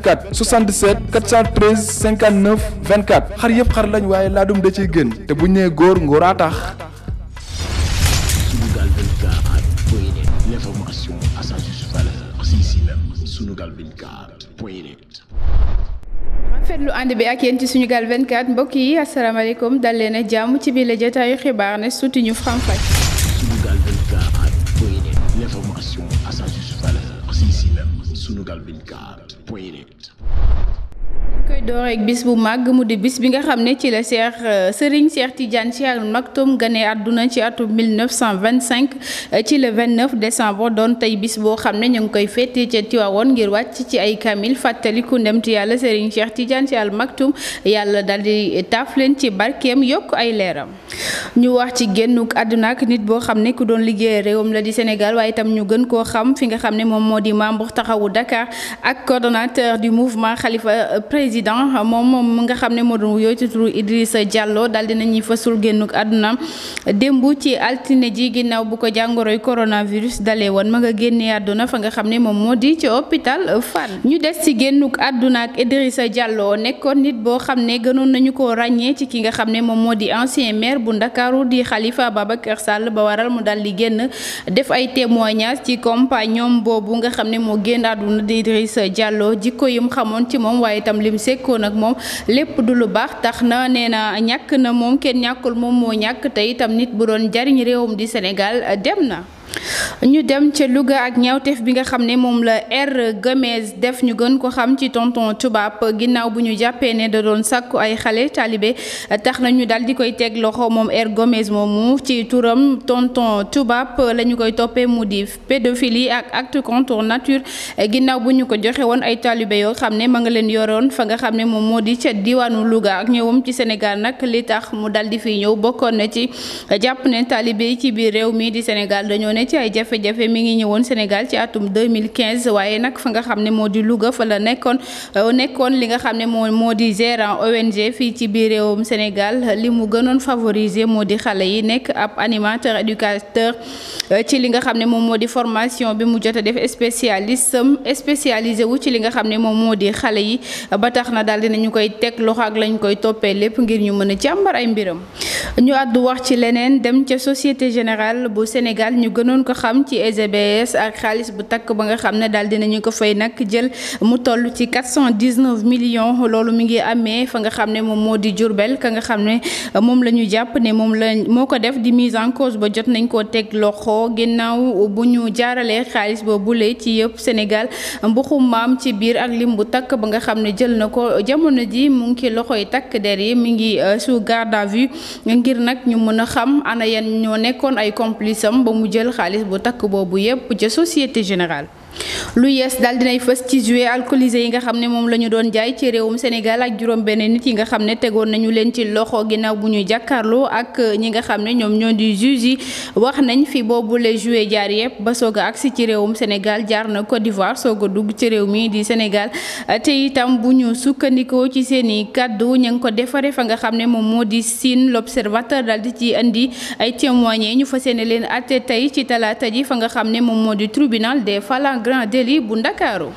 24 77 413 59 24 xar yëpp xar lañ waaye laadum da ciy gën te bu ñu nee góor ngóoraa tax. Sunugal 24 l'information à ànd bi ak yéen ci Sunugal 24 mbokk yi asalaamaaleykum dal leen a jàmm ci biir la jotaayu xibaar ne suuti ñu faram door ak bis bu màgg mu di bis bi nga xam ne ci la Cheikh euh, Serigne Cheikh Tidiane Sy Al Maktoum gane àdduna ci atum 1925 euh, ci le 29 décembre doon tey bis boo xam ne ñu ngi koy féete ca Tiwaawoon ngir wàcc ci ay kamil fàttaliku ndem ci yàlla Serigne seex Tidiane Sy Al Maktoum yàlla dal di taaf leen ci barkeem yokk ay leeram. ñu wax ci génnuk àdduna ak nit boo xam ne ku doon liggéey réewam la di Sénégal waaye itam ñu gën ko xam fi nga xam ne moom moo di membre taxawu Dakar président moom moom nga xam ne moo doon wuyoo ci turu Idrissa Diallo daal dina ñuy fasul génnuk àdduna démb ci altine ji ginnaaw bu ko jàngoroy coronavirus dalee woon ma nga génnee àdduna fa nga xam ne moom moo di ci hôpital Fann ñu des ci génnuk àdduna ak sa jàlloo nekkoon nit boo xam ne gënoon nañu ko ràññee ci ki nga xam ne moom moo di ancien maire bu Ndakaaru di xalifa Khalifa Babacar Sall ba waral mu daal di génn def ay témoignage ci compagnon boobu nga xam ne moo génn àdduna di Idrissa Diallo jikko yum xamoon ci moom waaye itam lim sekk sekkoon nag moom lépp du lu baax tax na nee na ñàkk na moom kenn ñàkkul moom moo ñàkk tey itam nit bu doon jariñ réewum di Sénégal dem na ñu dem ca luga ak ñawteef bi nga xam ne moom la R Gomes def ñu gën ko xam ci tonton tubaab ginnaaw bu ñu jàppee ne da doon sàkku ay xale taalibe tax na ñu daal di koy teg loxo moom R Gomes mu ci tuuram tonton tubaab lañu koy toppee mu di pédophilie ak acte contre nature ginnaaw bu ñu ko joxe woon ay taalibe yoo xam ne ma nga leen yoroon fa nga xam ne moom moo di ca diwaanu Louga ak ñëwam ci Sénégal nag li tax mu daal di fi ñëw bokkoon na ci jàpp ne taalibe réew mi di Sénégal ne ci ay jafe-jafe mi ngi ñëwoon Sénégal ci atum 2015 waaye nag fa nga xam ne moo di Louga fa la nekkoon euh, nekkoon li nga xam ne moo moo di gérant ONG fii ci biir réewum Sénégal li mu gënoon favoriser moo di xale yi nekk ab animateur éducateur euh, ci li nga xam ne moom moo di formation bi mu jot a def spécialiste spécialisé wu ci li nga xam ne moom moo di xale yi ba tax na daal nañu koy teg loxo ak lañ koy toppee lépp ngir ñu mën a càmbar ay mbiram ñu àddu wax ci nun ko xam ci EGBS ak xaalis bu takk ba nga xam ne daal dinañu ko fay nag jël mu toll ci 419 millions loolu mu ngi amee fa nga xam ne moom moo di Diourbel ka nga xam ne euh, moom la ñu jàpp ne moom la moo ko def di mise en cause ba jot nañ koo teg loxo ginnaaw bu ñu jaaralee xaalis boobule ci yëpp Sénégal mbuxu maam ci biir ak lim bu takk ba nga xam ne jël na ko jamono ji mu ngi ci loxoy takk der yi mi ngi euh, sous garde à ngir nag ñu mën a xam ana yan ñoo xaalis bu takk boobu yépp ca Société Générale lu yees daal dinay fës ci jouet alcoolisé yi nga xam ne moom la ñu doon jaay ci réewum Sénégal ak juróom beneen nit yi nga xam ne tegoon nañu leen ci loxo ginnaaw bu ñuy jàkkaarloo ak ñi nga xam ne ñoom ñoo di juge yi wax nañ fi boobu les jouets jaar yëpp ba soog a agsi ci réewum Sénégal jaar na Côte d'Ivoire soog a dugg ci réew mi di Sénégal te itam bu ñu sukkandikoo ci seen i kàddu ña ngi ko defaree fa nga xam ne moom moo di Sine l'Observateur daal di ci indi ay témoigné ñu fas yéene leen tey ci talaata ji fa nga xam ne moom moo di tribunal grand délit bu ndakaaru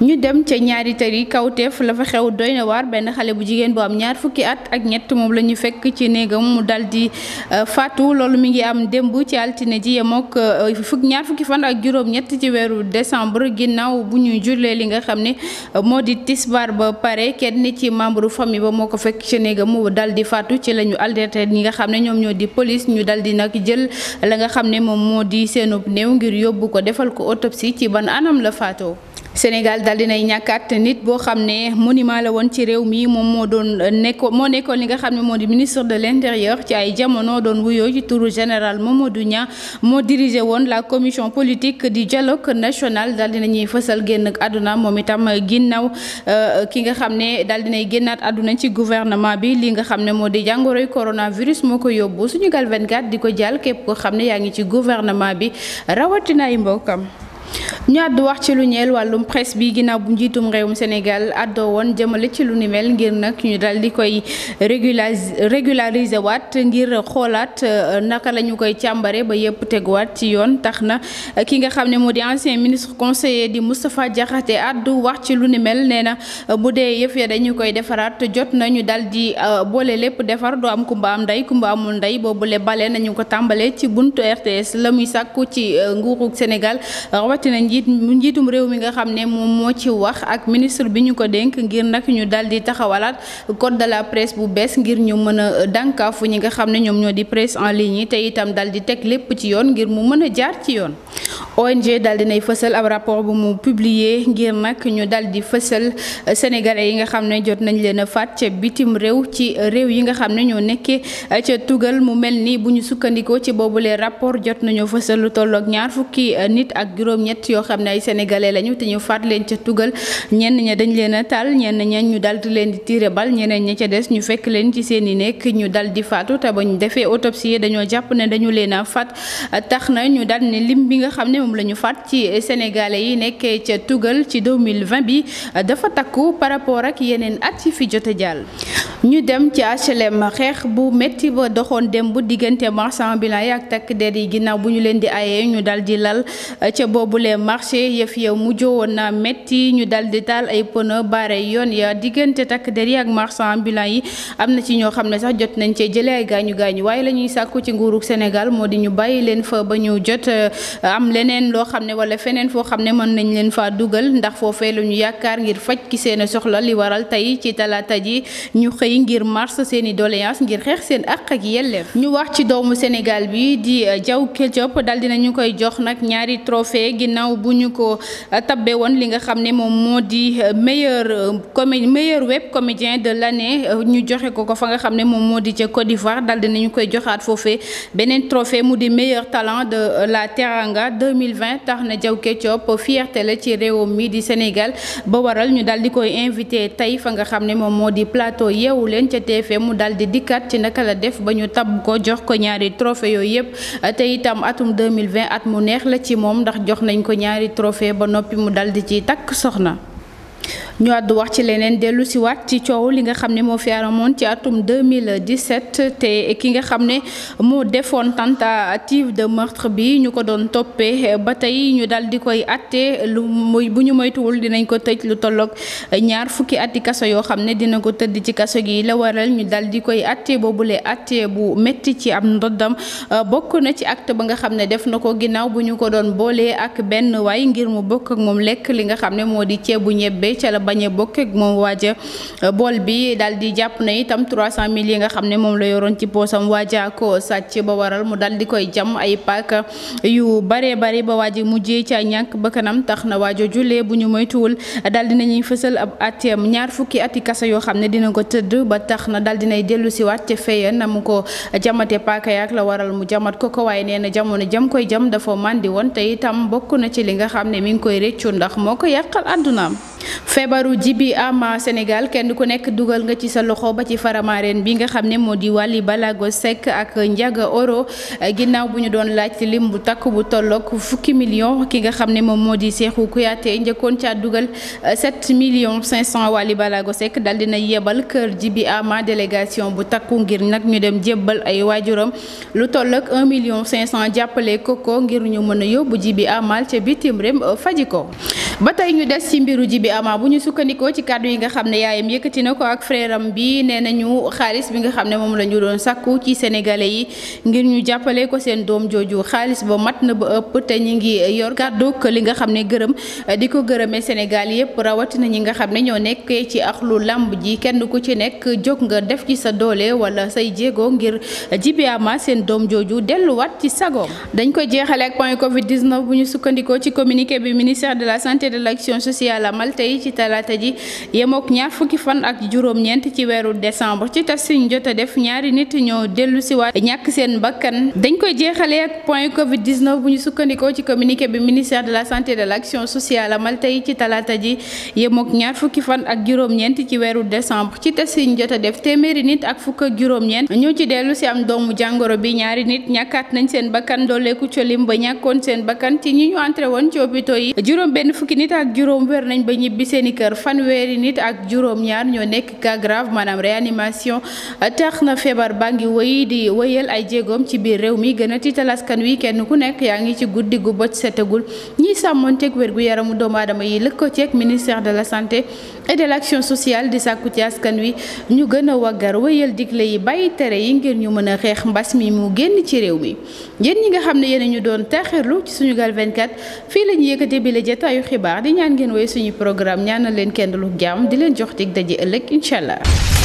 ñu dem ca ñaari tari kawteef la fa xew doy na waar benn xale bu jigéen bu am ñaar fukki at ak ñett moom la ñu fekk ci néegam mu dal di euh, faatu loolu mi ngi am démb ci altine ji yem ak euh, ñaar fukki fan ak juróom ci weeru décembre ginnaaw bu ñuy jullee li nga xam ne euh, moo di tisbaar ba pare kenn ci membre famille ba moo ko fekk ci néegam mu dal di faatu ci la ñu alerté ñi nga xam ne ñoom ñoo di police ñu dal di nag jël la nga xam ne moom moo di seenub néew ngir yóbbu ko defal ko autopsie ci ban anam la faatoo. Sénégal daal dinay ñàkkaat nit boo xam ne monument la woon ci réew mii moom moo doon nekkoon moo nekkoon li nga xam ne moo di ministre de l'intérieur ci ay jamono doon wuyoo ci turu général Mamadou Niang moo dirigé woon la commission politique du dialogue national daal dinañuy fësal génn àdduna moom itam ginnaaw euh, ki nga xam ne daal nay génnaat àdduna ci gouvernement bi li nga xam ne moo di jàngoro jàngoroy coronavirus moo ko yóbbu suñu Sunugal 24 di ko jàll képp ko xam ne yaa ngi ci gouvernement bi rawatina ay mbokkam ñu àddu wax ci lu ñeel wàllum presse bi ginnaaw bu njiitum réewum Sénégal àddoo woon jëmale ci lu ni mel ngir nag ñu daal di koy régulariser waat ngir xoolaat euh, naka lañu koy càmbare ba yëpp teguwaat ci yoon tax na euh, ki nga xam ne moo di ancien ministre conseiller di Moustapha Diakhaté àddu wax ci lu ni mel nee na euh, bu dee yëf ya dañu koy defaraat jot na ñu daal di boole lépp defar doo am kumba am ndey kumba amul ndey boobu le bale nañu ko tàmbalee ci buntu la muy sàkku ci nguurug Sénégal njiit njiitum réew mi nga xam ne moom moo ci wax ak ministre bi ñu ko dénk ngir nag ñu dal di taxawalaat code de la presse bu bees ngir ñu mën a dànkaafu ñi nga xam ne ñoom ñoo di presse en ligne yi te itam dal di teg lépp ci yoon ngir mu mën a jaar ci yoon ONG dal nay fësal ab rapport bu mu publier ngir nag ñu dal di fësal sénégalais yi nga xam ne jot nañ leen a faat ca bitim réew ci réew yi nga xam ne ñoo nekkee ca tugal mu mel ni bu ñu sukkandikoo ci boobulee rapport jot nañoo fësal lu tolloog ñaar ñoo xam ne ay sénégalais lañu te ñu faat leen ca tugal ñenn ña dañ leen a taal ñenn ña ñu dal di leen di tiire bal ñeneen ña ca des ñu fekk leen ci seen nekk ñu dal di faatu te bañ defee autopsie dañoo jàpp ne dañu leen a faat na ñu dal ne lim bi nga xam ne moom la ñu faat ci sénégalais yi nekkee ca tugal ci 2020 bi dafa takku par rapport ak yeneen at yi fi jote jàll. ñu dem ci HLM xeex bu métti ba doxoon dem bu diggante marchands ambulants yi ak takk der yi ginnaaw bu ñu leen di ayee ñu dal lal ca boobu leen marché yëf ya mujjoo woon na metti ñu dal di taal ay pono baare yoon ya diggante takk der yi ak marchand ambulant yi am na ci ñoo xam ne sax jot nañ cee jëlee ay gaañu gaañu waaye la ñuy sàkku ci nguurug Sénégal moo di ñu bàyyi leen fa ba ñu jot euh, am leneen loo xam ne wala feneen foo xam ne mën nañ leen fa dugal ndax foofee lu ñu yaakaar ngir faj ki seen soxla li waral tey ci talaata ji ñu xëy ngir mars seen i doléance ngir xeex seen ak ak yelleef ñu wa ci doomu Sénégal bu ñu ko euh, tabbe woon li nga xam ne moom moo di euh, meilleur euh, comé meilleur web comédien de l'année ñu joxe ko ko fa nga xam ne moom moo di ca Côte d'Ivoire daal dinañu koy joxaat foofee beneen mu di meilleur talent de la Teranga 2020 tax na Diaw Ketchup fierté la ci réew mi di Sénégal ba waral ñu daal di koy invité tey fa nga xam ne moom moo di plateau yeewu leen ca TFM mu daal di dikkat ci naka la def ba ñu tab ko jox ko ñaari trophée yooyu yëpp te itam atum 2020 at mu neex la ci moom ndax jox nañ ko ñaari ñaari trophée ba noppi mu dal di ci takk soxna ñu àddu wax ci leneen dellu si ci coow li nga xam ne moo fi aramoon ci atum 2017 te ki nga xam ne moo defoon tentative de meurtre bi ñu ko doon toppee ba tey ñu dal di koy atte lu muy bu ñu moytuwul dinañ ko tëj lu tolloog ñaar fukki atti kaso yoo xam ne dina ko tëdd ci kaso gi la waral ñu dal di koy atte boobule atte bu metti ci am ndoddam bokk na ci acte ba nga xam ne def na ko ginnaaw bu ñu ko doon boolee ak benn waay ngir mu bokk ak moom lekk li nga xam ne moo di bu ñebbe yooyu ca la bañ a bokk ak moom waaja euh, bool bi daal di jàpp na itam 300 000 yi nga xam ne moom la yoroon ci poosam waaja ko sàcc ba waral mu daal di koy jam ay paaka yu bare bare ba waaji mujjee ca ñàkk ba kanam tax na waajo julee bu ñu moytuwul daal di nañuy fësal ab atem ñaar fukki ati kasa yoo xam ne dina ko tëdd ba tax na daal dinay dellu siwaat ca feya na mu ko jamate paaka yaak la waral mu jamat ko ko waaye nee na jamono jam koy jam dafa màndi woon te itam bokk na ci li nga xam ne mi ngi koy réccu ndax moo ko yàqal àddunaam feebaru jibi ama Sénégal kenn ku nekk dugal nga ci sa loxo ba ci faramareen bi nga xam ne moo di Wally Ballago sekk ak Ndiaga Oro ginnaaw bu ñu doon laaj lim bu takk bu tolloog fukki million ki nga xam ne moom moo di seexu Kouyaté njëkkoon caa dugal 7 euh, millions 500 Wally Ballago Seck dal dina yebal kër jibi ama délégation bu takku ngir nag ñu dem jébbal ay waajuram lu tolloog 1 million 500 jàppale koko ngir ñu mën a yóbbu jibi amal ca bitim réew euh, faji ko ba tey ñu des ci mbiru ama bu ñu sukkandikoo ci kàddu yi nga xam ne yaayam yëkkati na ko ak frère am bi nee nañu xaalis bi nga xam ne moom lañu doon sàkku ci sénégalais yi ngir ñu jàppale ko seen doom jooju xaalis ba mat na ba ëpp te ñi ngi yor kàddu li nga xam ne gërëm di ko gërëmee Sénégal yëpp rawatina ñi nga xam ne ñoo nekkee ci axlu làmb ji kenn ku ci nekk jóg nga def ci sa doole wala say jéego ngir Djiby Ama seen doom jooju delluwaat ci sagoom dañ ko jeexale ak point covid 19 bu ñu sukkandikoo ci bi ministère de la santé de l'action tey ci talaata ji yem fukki fan ak juróom-ñeent ci weeru décembre ci tas jot def ñaari nit ñoo dellu si ñàkk seen bakkan dañ koy jeexalee ak point Covid 19 bu ñu sukkandikoo ci communiqué bi ministère de la santé et de l' sociale amal tey ci talaata ji yem ak ñaar fukki fan ak juróom ci weeru décembre ci tas jot a def téeméeri nit ak fukk ak juróom-ñeent ñoo ci dellu si am doomu jàngoro bi ñaari nit ñàkkaat nañ seen bakkan dooleeku colim ba ñàkkoon seen bakkan ci ñi ñu entré woon ci hôpitaux yi juróom benn fukki nit ak juróom wér nañ ba ñibbi nit bi seen i kër fanweeri nit ak juróom-ñaar ñoo nekk cas grave maanaam réanimation tax na feebar baa ngi wéy di wéyal ay jéegoom ci biir réew mi gën a tiital askan wi kenn ku nekk yaa ngi ci guddi gu bët setagul ñiy sàmmoonteeg wér gu yaramu doom aadama yi lëkkoo ceeg ministère de la santé et de action sociale di sàkku ci askan wi ñu gën a waggar wéyal digle yi bàyyi tere yi ngir ñu mën a xeex mbas mi mu génn ci réew mi yéen ñi nga xam ne yéen ñu doon programme ñaanal leen kenn lu jàmm di leen jox dig daje ëllëg incha allah.